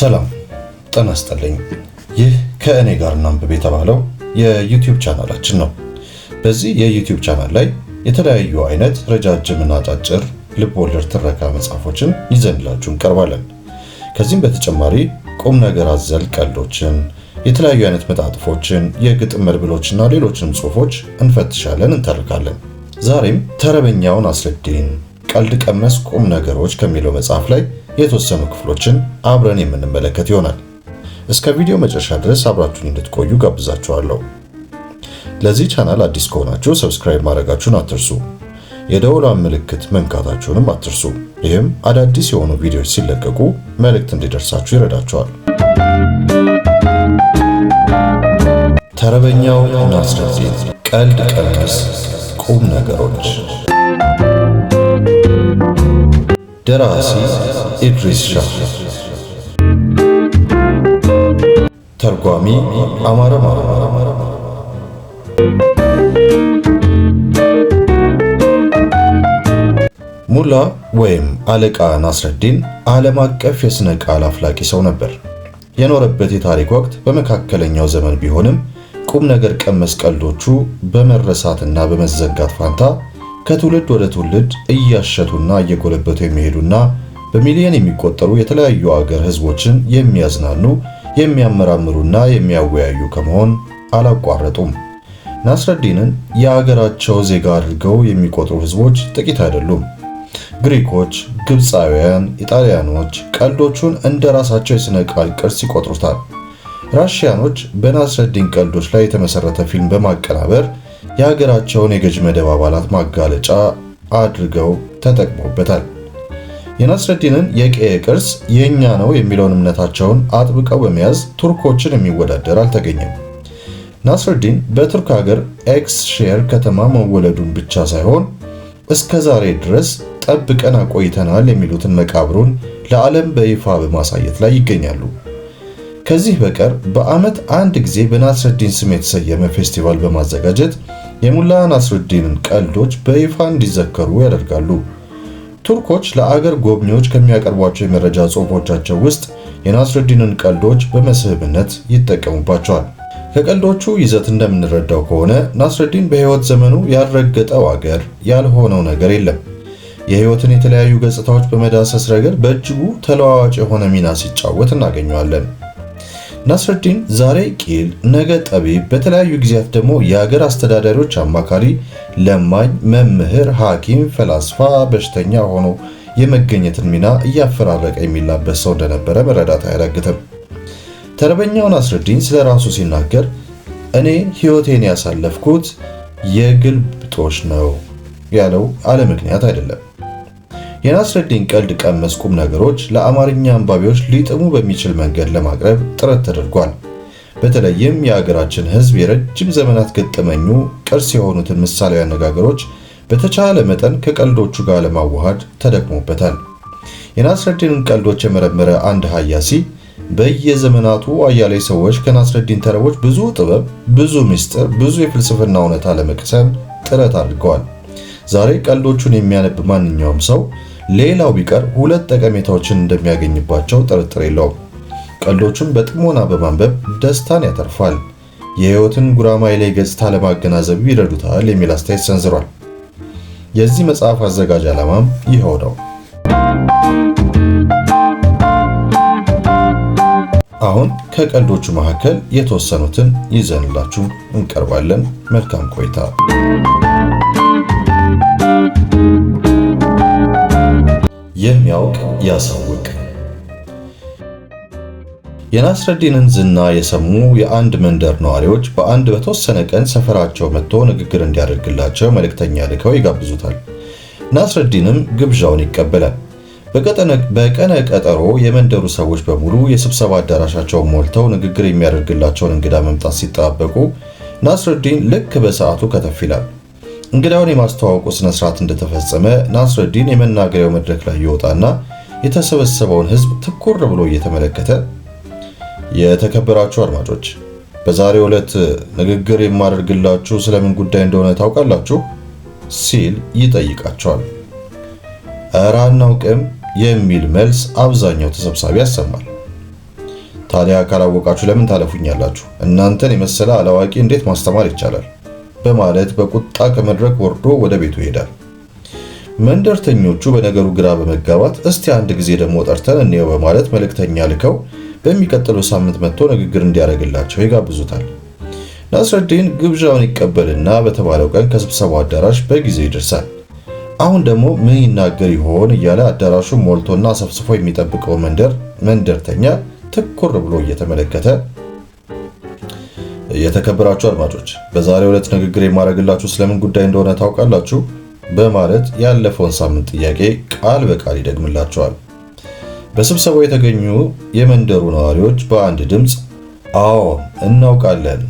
ሰላም ጤና ይስጥልኝ። ይህ ከእኔ ጋር እናንብብ የተባለው የዩቲዩብ ቻናላችን ነው። በዚህ የዩቲዩብ ቻናል ላይ የተለያዩ አይነት ረጃጅምና አጫጭር ልብወለድ ትረካ መጽሐፎችን ይዘንላችሁ እንቀርባለን። ከዚህም በተጨማሪ ቁም ነገር አዘል ቀልዶችን፣ የተለያዩ አይነት መጣጥፎችን፣ የግጥም መልብሎችና ሌሎችንም ጽሁፎች እንፈትሻለን፣ እንተርካለን። ዛሬም ተረበኛውን አስረዲን ቀልድ ቀመስ ቁም ነገሮች ከሚለው መጽሐፍ ላይ የተወሰኑ ክፍሎችን አብረን የምንመለከት ይሆናል። እስከ ቪዲዮ መጨረሻ ድረስ አብራችሁን እንድትቆዩ ጋብዛችኋለሁ። ለዚህ ቻናል አዲስ ከሆናችሁ ሰብስክራይብ ማድረጋችሁን አትርሱ። የደወሏን ምልክት መንካታችሁንም አትርሱ። ይህም አዳዲስ የሆኑ ቪዲዮዎች ሲለቀቁ መልእክት እንዲደርሳችሁ ይረዳችኋል። ተረበኛው ናስረዲን ቀልድ ቀልድስ ቁም ነገሮች ደራሲ ኢድሪስ ሻህ፣ ተርጓሚ አማረ ማረ፣ ሙላ ወይም አለቃ ናስረዲን ዓለም አቀፍ የሥነ ቃል አፍላቂ ሰው ነበር። የኖረበት የታሪክ ወቅት በመካከለኛው ዘመን ቢሆንም ቁም ነገር ቀመስ ቀልዶቹ በመረሳትና በመዘጋት ፋንታ ከትውልድ ወደ ትውልድ እያሸቱና እየጎለበቱ የሚሄዱና በሚሊዮን የሚቆጠሩ የተለያዩ አገር ህዝቦችን የሚያዝናኑ የሚያመራምሩና የሚያወያዩ ከመሆን አላቋረጡም። ናስረዲንን የአገራቸው ዜጋ አድርገው የሚቆጥሩ ህዝቦች ጥቂት አይደሉም። ግሪኮች፣ ግብፃውያን፣ ኢጣሊያኖች ቀልዶቹን እንደ ራሳቸው የሥነ ቃል ቅርስ ይቆጥሩታል። ራሽያኖች በናስረዲን ቀልዶች ላይ የተመሠረተ ፊልም በማቀናበር የሀገራቸውን የገዥ መደብ አባላት ማጋለጫ አድርገው ተጠቅሞበታል። የናስረዲንን የቀየ ቅርስ የእኛ ነው የሚለውን እምነታቸውን አጥብቀው በመያዝ ቱርኮችን የሚወዳደር አልተገኘም። ናስረዲን በቱርክ ሀገር ኤክስ ሼር ከተማ መወለዱን ብቻ ሳይሆን እስከ ዛሬ ድረስ ጠብቀን አቆይተናል የሚሉትን መቃብሩን ለዓለም በይፋ በማሳየት ላይ ይገኛሉ። ከዚህ በቀር በዓመት አንድ ጊዜ በናስረዲን ስም የተሰየመ ፌስቲቫል በማዘጋጀት የሙላ ናስሩዲንን ቀልዶች በይፋ እንዲዘከሩ ያደርጋሉ። ቱርኮች ለአገር ጎብኚዎች ከሚያቀርቧቸው የመረጃ ጽሑፎቻቸው ውስጥ የናስሩዲንን ቀልዶች በመስህብነት ይጠቀሙባቸዋል። ከቀልዶቹ ይዘት እንደምንረዳው ከሆነ ናስሩዲን በሕይወት ዘመኑ ያልረገጠው አገር ያልሆነው ነገር የለም። የሕይወትን የተለያዩ ገጽታዎች በመዳሰስ ረገድ በእጅጉ ተለዋዋጭ የሆነ ሚና ሲጫወት እናገኘዋለን። ናስረዲን ዛሬ ቂል፣ ነገ ጠቢብ፣ በተለያዩ ጊዜያት ደግሞ የሀገር አስተዳዳሪዎች አማካሪ፣ ለማኝ፣ መምህር፣ ሐኪም፣ ፈላስፋ፣ በሽተኛ ሆኖ የመገኘትን ሚና እያፈራረቀ የሚላበት ሰው እንደነበረ መረዳት አያዳግትም። ተረበኛው ናስረዲን ስለ ራሱ ሲናገር እኔ ሕይወቴን ያሳለፍኩት የግልብጦሽ ነው ያለው አለ ምክንያት አይደለም። የናስረዲን ቀልድ ቀመስ ቁም ነገሮች ለአማርኛ አንባቢዎች ሊጥሙ በሚችል መንገድ ለማቅረብ ጥረት ተደርጓል። በተለይም የሀገራችን ሕዝብ የረጅም ዘመናት ገጠመኙ ቅርስ የሆኑትን ምሳሌ አነጋገሮች በተቻለ መጠን ከቀልዶቹ ጋር ለማዋሃድ ተደክሞበታል። የናስረዲንን ቀልዶች የመረመረ አንድ ሀያሲ በየዘመናቱ አያሌ ሰዎች ከናስረዲን ተረቦች ብዙ ጥበብ፣ ብዙ ምስጢር፣ ብዙ የፍልስፍና እውነታ ለመቅሰም ጥረት አድርገዋል። ዛሬ ቀልዶቹን የሚያነብ ማንኛውም ሰው ሌላው ቢቀር ሁለት ጠቀሜታዎችን እንደሚያገኝባቸው ጥርጥር የለውም። ቀልዶቹን በጥሞና በማንበብ ደስታን ያተርፋል፣ የህይወትን ጉራማይሌ ገጽታ ለማገናዘብ ይረዱታል የሚል አስተያየት ሰንዝሯል። የዚህ መጽሐፍ አዘጋጅ ዓላማም ይኸው ነው። አሁን ከቀልዶቹ መካከል የተወሰኑትን ይዘንላችሁ እንቀርባለን። መልካም ቆይታ። የሚያውቅ ያሳውቅ። የናስረዲንን ዝና የሰሙ የአንድ መንደር ነዋሪዎች በአንድ በተወሰነ ቀን ሰፈራቸው መጥቶ ንግግር እንዲያደርግላቸው መልእክተኛ ልከው ይጋብዙታል። ናስረዲንም ግብዣውን ይቀበላል። በቀነ ቀጠሮ የመንደሩ ሰዎች በሙሉ የስብሰባ አዳራሻቸውን ሞልተው ንግግር የሚያደርግላቸውን እንግዳ መምጣት ሲጠባበቁ ናስረዲን ልክ በሰዓቱ ከተፍ ይላል። እንግዳውን የማስተዋወቁ ስነ ስርዓት እንደተፈጸመ ናስረዲን የመናገሪያው መድረክ ላይ ይወጣና የተሰበሰበውን ህዝብ ትኩር ብሎ እየተመለከተ የተከበራችሁ አድማጮች በዛሬ ዕለት ንግግር የማደርግላችሁ ስለምን ጉዳይ እንደሆነ ታውቃላችሁ? ሲል ይጠይቃቸዋል። እረ አናውቅም የሚል መልስ አብዛኛው ተሰብሳቢ ያሰማል። ታዲያ ካላወቃችሁ ለምን ታለፉኛላችሁ? እናንተን የመሰለ አላዋቂ እንዴት ማስተማር ይቻላል? በማለት በቁጣ ከመድረክ ወርዶ ወደ ቤቱ ይሄዳል። መንደርተኞቹ በነገሩ ግራ በመጋባት እስቲ አንድ ጊዜ ደግሞ ጠርተን እንየው በማለት መልእክተኛ ልከው በሚቀጥለው ሳምንት መጥቶ ንግግር እንዲያደርግላቸው ይጋብዙታል። ናስረዲን ግብዣውን ይቀበልና በተባለው ቀን ከስብሰባው አዳራሽ በጊዜ ይደርሳል። አሁን ደግሞ ምን ይናገር ይሆን እያለ አዳራሹ ሞልቶና ሰብስፎ የሚጠብቀው መንደር መንደርተኛ ትኩር ብሎ እየተመለከተ የተከበራችሁ አድማጮች በዛሬው ዕለት ንግግር የማድረግላችሁ ስለምን ጉዳይ እንደሆነ ታውቃላችሁ? በማለት ያለፈውን ሳምንት ጥያቄ ቃል በቃል ይደግምላቸዋል። በስብሰባው የተገኙ የመንደሩ ነዋሪዎች በአንድ ድምፅ አዎን እናውቃለን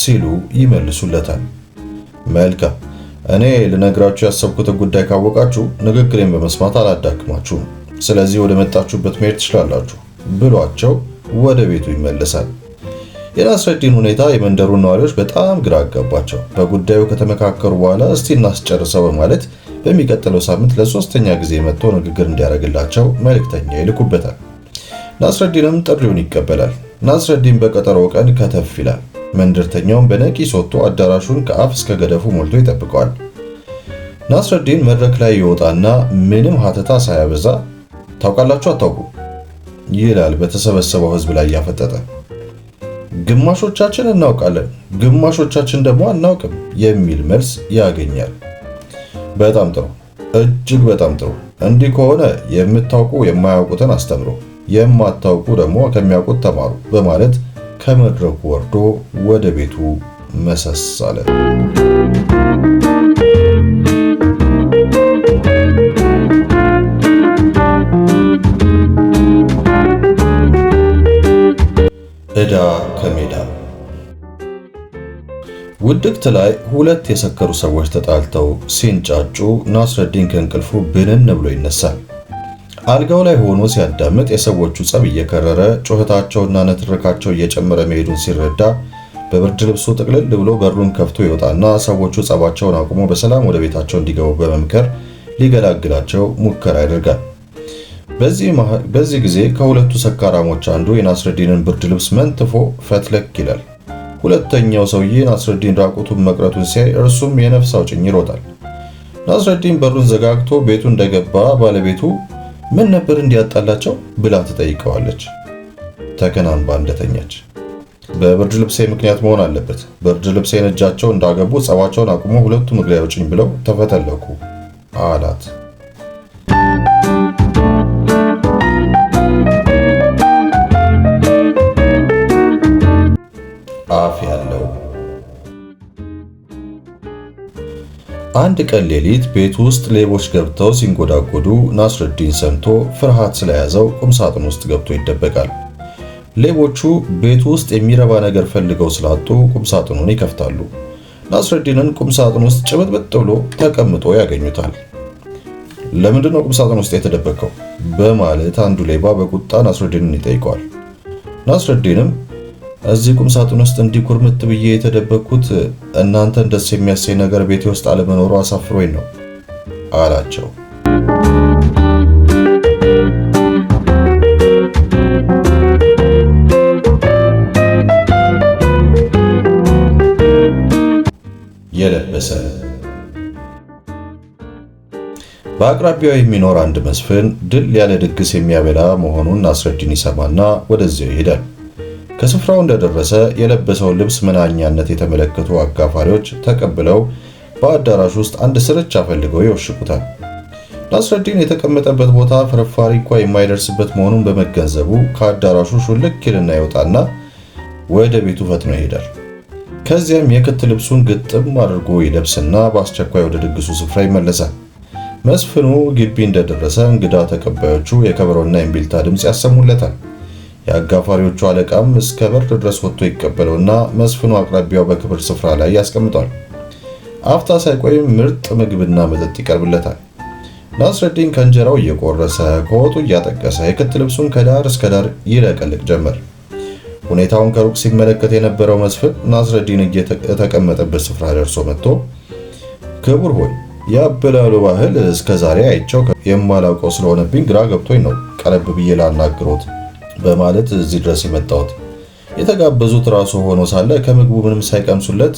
ሲሉ ይመልሱለታል። መልካም፣ እኔ ልነግራችሁ ያሰብኩትን ጉዳይ ካወቃችሁ ንግግሬን በመስማት አላዳክማችሁም። ስለዚህ ወደ መጣችሁበት መሄድ ትችላላችሁ ብሏቸው ወደ ቤቱ ይመለሳል። የናስረዲን ሁኔታ የመንደሩን ነዋሪዎች በጣም ግራ አጋባቸው። በጉዳዩ ከተመካከሩ በኋላ እስቲ እናስጨርሰው በማለት በሚቀጥለው ሳምንት ለሶስተኛ ጊዜ መጥቶ ንግግር እንዲያደርግላቸው መልእክተኛ ይልኩበታል። ናስረዲንም ጥሪውን ይቀበላል። ናስረዲን በቀጠሮ ቀን ከተፍ ይላል። መንደርተኛውም በነቂስ ወጥቶ አዳራሹን ከአፍ እስከ ገደፉ ሞልቶ ይጠብቀዋል። ናስረዲን መድረክ ላይ ይወጣና ምንም ሀተታ ሳያበዛ ታውቃላችሁ አታውቁ ይላል በተሰበሰበው ህዝብ ላይ ያፈጠጠ ግማሾቻችን እናውቃለን፣ ግማሾቻችን ደግሞ አናውቅም የሚል መልስ ያገኛል። በጣም ጥሩ፣ እጅግ በጣም ጥሩ። እንዲህ ከሆነ የምታውቁ የማያውቁትን አስተምሩ፣ የማታውቁ ደግሞ ከሚያውቁት ተማሩ በማለት ከመድረኩ ወርዶ ወደ ቤቱ መሰስ አለ። ሜዳ ከሜዳ ውድቅት ላይ ሁለት የሰከሩ ሰዎች ተጣልተው ሲንጫጩ ናስረዲን ከእንቅልፉ ብንን ብሎ ይነሳል። አልጋው ላይ ሆኖ ሲያዳምጥ የሰዎቹ ጸብ እየከረረ ጩኸታቸውና ንትርካቸው እየጨመረ መሄዱን ሲረዳ በብርድ ልብሱ ጥቅልል ብሎ በሩን ከፍቶ ይወጣና ሰዎቹ ጸባቸውን አቁሞ በሰላም ወደ ቤታቸው እንዲገቡ በመምከር ሊገላግላቸው ሙከራ ያደርጋል። በዚህ ጊዜ ከሁለቱ ሰካራሞች አንዱ የናስረዲንን ብርድ ልብስ መንትፎ ፈትለክ ይላል። ሁለተኛው ሰውዬ ናስረዲን ራቁቱን መቅረቱን ሲያይ እርሱም የነፍስ አውጭኝ ይሮጣል። ናስረዲን በሩን ዘጋግቶ ቤቱ እንደገባ ባለቤቱ ምን ነበር እንዲያጣላቸው ብላ ትጠይቀዋለች። ተከናንባ እንደተኛች በብርድ ልብሴ ምክንያት መሆን አለበት። ብርድ ልብሴን እጃቸው እንዳገቡ ጸባቸውን አቁሞ ሁለቱም እግሬ አውጭኝ ብለው ተፈተለኩ አላት። አንድ ቀን ሌሊት ቤት ውስጥ ሌቦች ገብተው ሲንጎዳጎዱ ናስረዲን ሰምቶ ፍርሃት ስለያዘው ቁምሳጥን ውስጥ ገብቶ ይደበቃል። ሌቦቹ ቤት ውስጥ የሚረባ ነገር ፈልገው ስላጡ ቁምሳጥኑን ይከፍታሉ። ናስረዲንን ቁምሳጥን ውስጥ ጭብጥብጥ ብሎ ተቀምጦ ያገኙታል። ለምንድን ነው ቁምሳጥን ውስጥ የተደበቀው? በማለት አንዱ ሌባ በቁጣ ናስረዲንን ይጠይቀዋል። ናስረዲንም እዚህ ቁም ሳጥን ውስጥ እንዲኩርምት ብዬ የተደበቅኩት እናንተን ደስ የሚያሰኝ ነገር ቤቴ ውስጥ አለመኖሩ አሳፍሮኝ ነው አላቸው። የለበሰ በአቅራቢያው የሚኖር አንድ መስፍን ድል ያለ ድግስ የሚያበላ መሆኑን አስረድን ይሰማና ወደዚያው ይሄዳል። ከስፍራው እንደደረሰ የለበሰውን ልብስ መናኛነት የተመለከቱ አጋፋሪዎች ተቀብለው በአዳራሽ ውስጥ አንድ ስርቻ ፈልገው ይወሽቁታል። ናስረዲን የተቀመጠበት ቦታ ፍርፋሪ እንኳ የማይደርስበት መሆኑን በመገንዘቡ ከአዳራሹ ሹልክ ይልና ይወጣና ወደ ቤቱ ፈጥኖ ይሄዳል። ከዚያም የክት ልብሱን ግጥም አድርጎ ይለብስና በአስቸኳይ ወደ ድግሱ ስፍራ ይመለሳል። መስፍኑ ግቢ እንደደረሰ እንግዳ ተቀባዮቹ የከበሮና የእምቢልታ ድምፅ ያሰሙለታል። የአጋፋሪዎቹ አለቃም እስከ በር ድረስ ወጥቶ ይቀበለውና መስፍኑ አቅራቢያው በክብር ስፍራ ላይ ያስቀምጧል። አፍታ ሳይቆይ ምርጥ ምግብና መጠጥ ይቀርብለታል። ናስረዲን ከእንጀራው እየቆረሰ ከወጡ እያጠቀሰ የክት ልብሱን ከዳር እስከ ዳር ይለቀልቅ ጀመር። ሁኔታውን ከሩቅ ሲመለከት የነበረው መስፍን ናስረዲን እየተቀመጠበት ስፍራ ደርሶ መጥቶ ክቡር ሆይ የአበላሉ ባህል እስከዛሬ አይቸው የማላውቀው ስለሆነብኝ ግራ ገብቶኝ ነው ቀረብ ብዬ ላናግሮት በማለት እዚህ ድረስ የመጣሁት። የተጋበዙት ራሱ ሆኖ ሳለ ከምግቡ ምንም ሳይቀምሱለት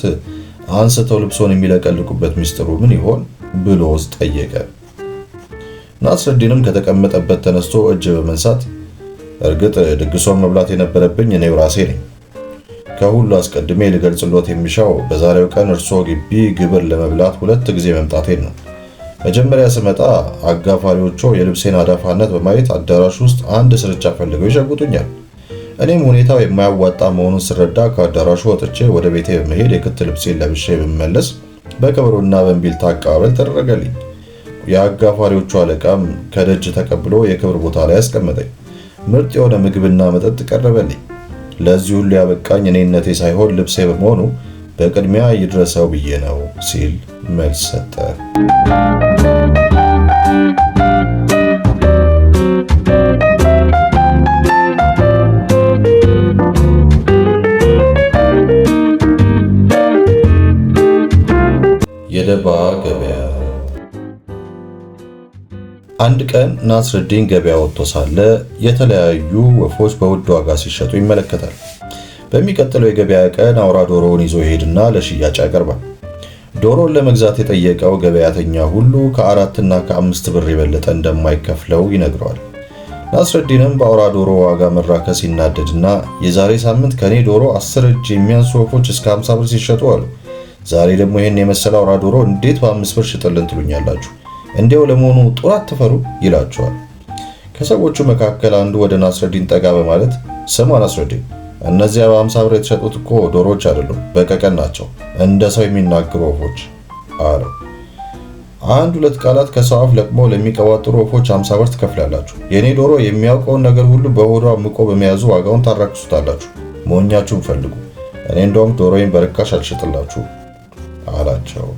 አንስተው ልብሶን የሚለቀልቁበት ሚስጥሩ ምን ይሆን ብሎ ውስጥ ጠየቀ። ናስረዲንም ከተቀመጠበት ተነስቶ እጅ በመንሳት እርግጥ ድግሷን መብላት የነበረብኝ እኔው ራሴ ነኝ። ከሁሉ አስቀድሜ ልገልጽሎት የሚሻው በዛሬው ቀን እርሶ ግቢ ግብር ለመብላት ሁለት ጊዜ መምጣቴን ነው። መጀመሪያ ስመጣ አጋፋሪዎቹ የልብሴን አዳፋነት በማየት አዳራሽ ውስጥ አንድ ስርቻ ፈልገው ይሸጉጡኛል። እኔም ሁኔታው የማያዋጣ መሆኑን ስረዳ ከአዳራሹ ወጥቼ ወደ ቤቴ በመሄድ የክት ልብሴን ለብሼ ብመለስ በከበሮና በእምቢልታ አቀባበል ተደረገልኝ። የአጋፋሪዎቹ አለቃም ከደጅ ተቀብሎ የክብር ቦታ ላይ አስቀመጠኝ። ምርጥ የሆነ ምግብና መጠጥ ቀረበልኝ። ለዚህ ሁሉ ያበቃኝ እኔነቴ ሳይሆን ልብሴ በመሆኑ በቅድሚያ ይድረሰው ብዬ ነው ሲል መልስ ሰጠ። የደባ ገበያ አንድ ቀን ናስርዲን ገበያ ወጥቶ ሳለ የተለያዩ ወፎች በውድ ዋጋ ሲሸጡ ይመለከታል። በሚቀጥለው የገበያ ቀን አውራ ዶሮውን ይዞ ይሄድና ለሽያጭ ያቀርባል። ዶሮን ለመግዛት የጠየቀው ገበያተኛ ሁሉ ከአራትና ከአምስት ብር የበለጠ እንደማይከፍለው ይነግረዋል። ናስረዲንም በአውራ ዶሮ ዋጋ መራከስ ሲናደድና የዛሬ ሳምንት ከኔ ዶሮ አስር እጅ የሚያንሱ ወፎች እስከ 50 ብር ሲሸጡ አሉ። ዛሬ ደግሞ ይህን የመሰለ አውራ ዶሮ እንዴት በአምስት ብር ሽጥልን ትሉኛላችሁ? እንዲያው ለመሆኑ ጦር አትፈሩ ይላቸዋል። ከሰዎቹ መካከል አንዱ ወደ ናስረዲን ጠጋ በማለት ስማ ናስረዲን እነዚያ በአምሳ ብር የተሸጡት እኮ ዶሮዎች አይደሉም፣ በቀቀን ናቸው፣ እንደ ሰው የሚናገሩ ወፎች አለው። አንድ ሁለት ቃላት ከሰው አፍ ለቅሞ ለሚቀባጥሩ ወፎች አምሳ ብር ትከፍላላችሁ። የእኔ ዶሮ የሚያውቀውን ነገር ሁሉ በሆዷ ምቆ በመያዙ ዋጋውን ታራክሱታላችሁ። ሞኛችሁን ፈልጉ። እኔ እንደውም ዶሮዬን በርካሽ አልሸጥላችሁ አላቸው።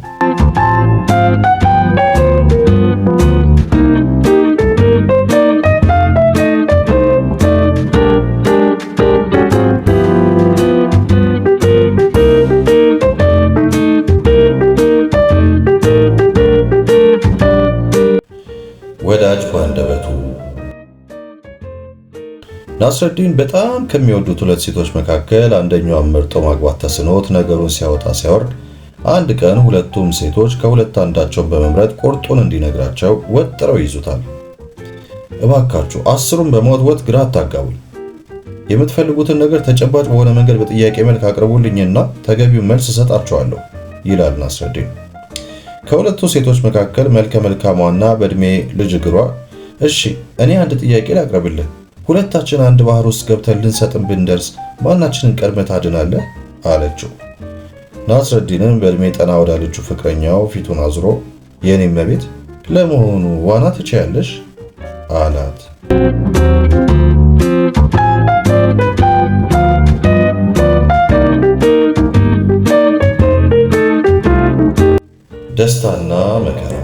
ወዳጅ ባንደበቱ ናስረዲን በጣም ከሚወዱት ሁለት ሴቶች መካከል አንደኛዋን መርጦ ማግባት ተስኖት ነገሩን ሲያወጣ ሲያወርድ አንድ ቀን ሁለቱም ሴቶች ከሁለት አንዳቸውን በመምረጥ ቁርጡን እንዲነግራቸው ወጥረው ይዙታል። እባካችሁ አስሩን በመወትወት ግራ አታጋቡኝ፣ የምትፈልጉትን ነገር ተጨባጭ በሆነ መንገድ በጥያቄ መልክ አቅርቡልኝና ተገቢውን መልስ እሰጣችኋለሁ ይላል ናስረዲን። ከሁለቱ ሴቶች መካከል መልከ መልካሟና በእድሜ ልጅ እግሯ፣ እሺ እኔ አንድ ጥያቄ ላቅርብልህ፣ ሁለታችን አንድ ባህር ውስጥ ገብተን ልንሰጥም ብንደርስ ማናችንን ቀድመህ ታድናለህ? አለችው። ናስረዲንም በእድሜ ጠና ልጁ ፍቅረኛው ፊቱን አዙሮ የእኔም መቤት ለመሆኑ ዋና ትችያለሽ? አላት። ደስታና መከራ።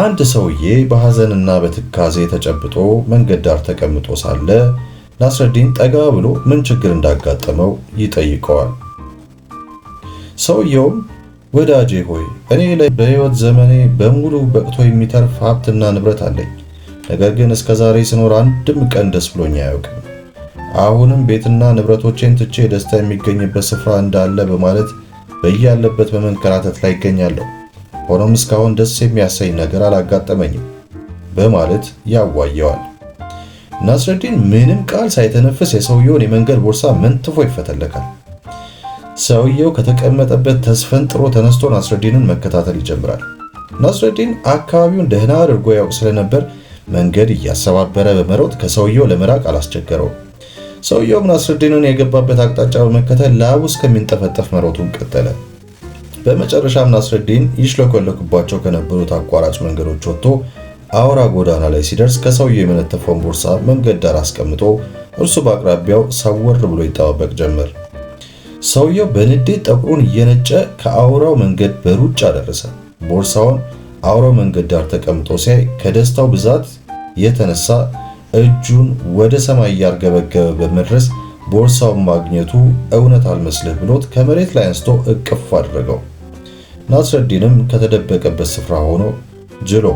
አንድ ሰውዬ በሐዘንና በትካዜ ተጨብጦ መንገድ ዳር ተቀምጦ ሳለ ናስረዲን ጠጋ ብሎ ምን ችግር እንዳጋጠመው ይጠይቀዋል። ሰውየውም ወዳጄ ሆይ እኔ ላይ በሕይወት ዘመኔ በሙሉ በቅቶ የሚተርፍ ሀብትና ንብረት አለኝ። ነገር ግን እስከ ዛሬ ስኖር አንድም ቀን ደስ ብሎኝ አያውቅም። አሁንም ቤትና ንብረቶቼን ትቼ ደስታ የሚገኝበት ስፍራ እንዳለ በማለት በያለበት በመንከራተት ላይ ይገኛለሁ። ሆኖም እስካሁን ደስ የሚያሰኝ ነገር አላጋጠመኝም በማለት ያዋየዋል። ናስረዲን ምንም ቃል ሳይተነፍስ የሰውየውን የመንገድ ቦርሳ መንትፎ ይፈተለካል። ሰውየው ከተቀመጠበት ተስፈንጥሮ ተነስቶ ናስረዲንን መከታተል ይጀምራል። ናስረዲን አካባቢውን ደህና አድርጎ ያውቅ ስለነበር መንገድ እያሰባበረ በመሮጥ ከሰውየው ለመራቅ አላስቸገረውም። ሰውየው ናስረዲንን የገባበት አቅጣጫ በመከተል ላቡ እስከሚንጠፈጠፍ መሮቱን ቀጠለ። በመጨረሻም ናስረዲን ይሽለኮለኩባቸው ከነበሩት አቋራጭ መንገዶች ወጥቶ አውራ ጎዳና ላይ ሲደርስ ከሰውየው የመነተፈውን ቦርሳ መንገድ ዳር አስቀምጦ እርሱ በአቅራቢያው ሰወር ብሎ ይጠባበቅ ጀመር። ሰውየው በንዴት ጠቁሩን እየነጨ ከአውራው መንገድ በሩጫ ደረሰ። ቦርሳውን አውራው መንገድ ዳር ተቀምጦ ሲያይ ከደስታው ብዛት የተነሳ እጁን ወደ ሰማይ እያርገበገበ በመድረስ ቦርሳውን ማግኘቱ እውነት አልመስልህ ብሎት ከመሬት ላይ አንስቶ እቅፍ አደረገው ናስረዲንም ከተደበቀበት ስፍራ ሆኖ ጅሎ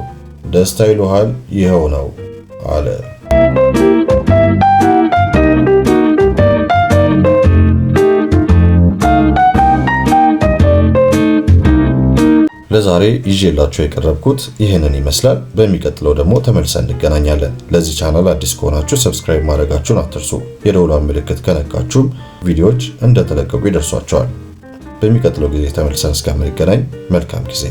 ደስታ ይሉሃል ይኸው ነው አለ። ለዛሬ ይዤላችሁ የቀረብኩት ይህንን ይመስላል። በሚቀጥለው ደግሞ ተመልሰን እንገናኛለን። ለዚህ ቻናል አዲስ ከሆናችሁ ሰብስክራይብ ማድረጋችሁን አትርሱ። የደውሏን ምልክት ከነካችሁም ቪዲዮዎች እንደተለቀቁ ይደርሷቸዋል። በሚቀጥለው ጊዜ ተመልሰን እስከምንገናኝ መልካም ጊዜ